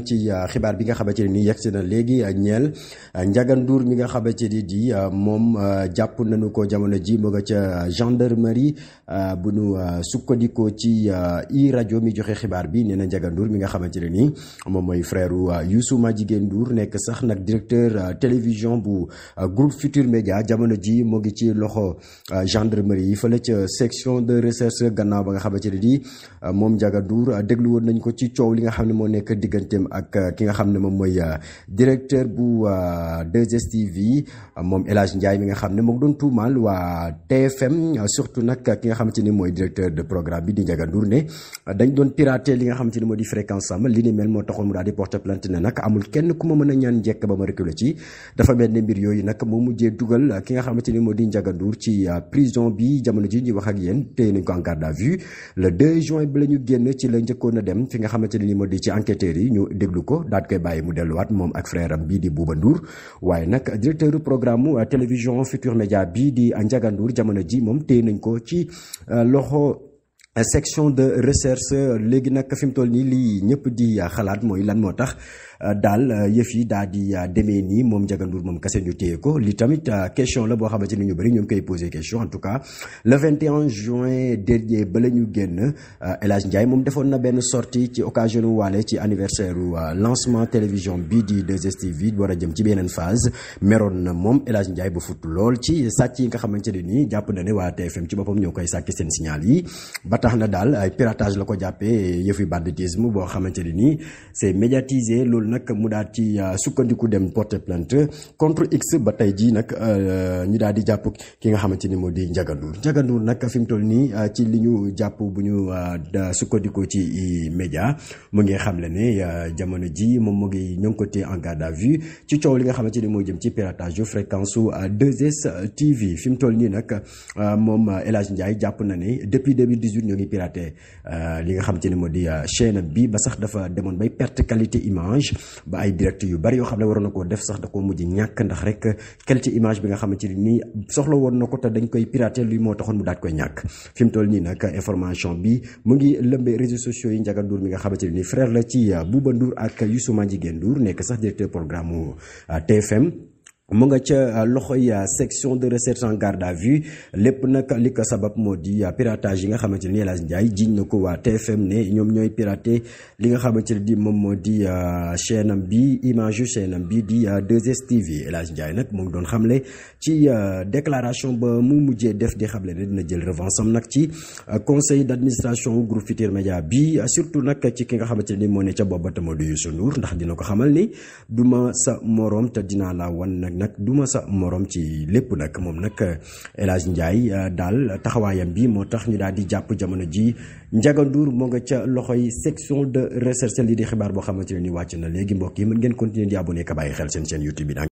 ci euh, xibaar bi nga xamante ne nii yegsi na léegi euh, ñeel euh, Ndiaga Ndour mi nga xamante ni di moom jàpp nañu ko jamono ji mu nga ca gendarmerie bu nu sukkandikoo ci i rajo mi joxe xibaar bi nee na Ndiaga mi nga xamante ne nii moom mooy frère Youssou jigéen Ndour nekk sax nag directeur télévision bu groupe Futur Média jamono ji moo ngi ci loxo gendarmerie yi fële ca section de recherche gannaaw ba nga xamante ne nii moom Ndiaga Ndour déglu woon nañ ko ci coow li nga xam ne moo nekk diggante digganteem ak euh, ki nga xam ne moom mooy euh, directeur bu 2STV euh, moom El Hadj Ndiaye mi nga xam ne moo doon tuumaal waa TFM surtout nag ki nga xamante ni mooy directeur de programme bi di Ndiaga Ndour ne dañ doon pirater li nga xamante ni moo di fréquence am li ni mel moo taxoon mu daal di porter plainte ne nag amul kenn ku ma mën a ñaan njekk ba ma reculer ci dafa mel ne mbir yooyu nak moo mujjee dugal ki nga xamante ni moo di Ndiaga Ndour ci prison bi jamono ji ñuy wax ak yéen téye nañ ko en garde bi la ñu génn ci la njëkkoon a dem fi nga xamante ni moo di déglu ko daat koy bàyyi mu delluwaat moom ak frère am bii di Bouba Ndour waaye nag directeur programme mu télévision Futur Média bii di Ndiaga Ndour jamono ji moom téye nañ ko ci euh, loxo. Euh, section de recherche léegi nag fi mu toll nii lii ñëpp di xalaat mooy lan moo tax daal yëf yi daa di euh, demee nii moom Ndiaga Ndour moom kese ñu téye ko li tamit euh, question la boo xamante ni ñu bëri ñu koy posé question en tout cas le 21 juin dernier ba la ñu génn euh, El Hadj moom defoon na benn sorti ci occasion waale ci anniversaire lancement télévision bii di 2STV war a jëm ci beneen phase meroon na moom El Hadj bu ba lool ci sàcc yi nga xamante ne nii jàpp na ne waa TFM ci boppam ñoo koy sàkki seen signal yi ba tax na daal ay piratage la ko jàppee yëfi banditisme boo xamante ne nii nag mu daal ci euh, sukkandiku dem porter plante contre X ba tey jii nag euh, ñu daal di jàpp ki nga xamante ni moo di Ndiaga Ndour Ndiaga Ndour nag fi mu toll nii euh, ci li ñu jàpp bu ñu sukkandiku ci média mu ngi xamle ne jamono ji moom mu ngi ñoo ngi ko téye en ci coow li nga xamante ni moo jëm ci piratage yu fréquence su 2S TV fi mu toll nii nag moom El Hadj Ndiaye jàpp na ne depuis 2018 ñoo ngi piraté li nga xamante ne moo di chaîne bi ba sax dafa demoon bay perte qualité image ba ay direct yu bari yoo xam ne waroon na koo def sax da koo mujj ñàkk ndax rek qualité image bi nga xamante ni nii soxla woon na ko te dañ koy pirater luy moo taxoon mu daat koy ñàkk fi mu toll nii nag information bi mu ngi lëmbee réseaux sociaux yi Ndiaga Ndour mi nga xamante nii frère la ci Bouba Ndour ak Youssou jigéen Ndour nekk sax directeur programme euh, TFM mu nga ca euh, loxoy euh, section de recherche en garde à vue lépp nag li ko sabab moo di euh, piratage yi nga xamante ne ni Hadj Ndiaye jiñ na ko waa TFM ne ñoom ñooy piraté li nga xamante ne di moom moo di chaîne am bi image yu chaîne bi di 2STV El Hadj Ndiaye nag mu ngi doon xamle ci déclaration ba mu mujjee def di xamle ne dina jël revanche am nag ci conseil d' administration groupe Futur Média bi surtout nag ci ki nga xamante ni moo ne ca boobu moo di Youssou Ndour ndax dina ko xamal ni du sa morom te dinaa la wan nag. nag du ma sa moroom ci lépp nag moom nag El Hadj euh, daal taxawaayam bi moo tax ñu daal di jàpp jamono ji Ndiaga Ndour moo nga ca loxoy section de recherche lii di xibaar boo xamante ne ni wàcc na léegi mbokk yi mën ngeen continuer di abonné bàyyi xel seen chaîne YouTube bi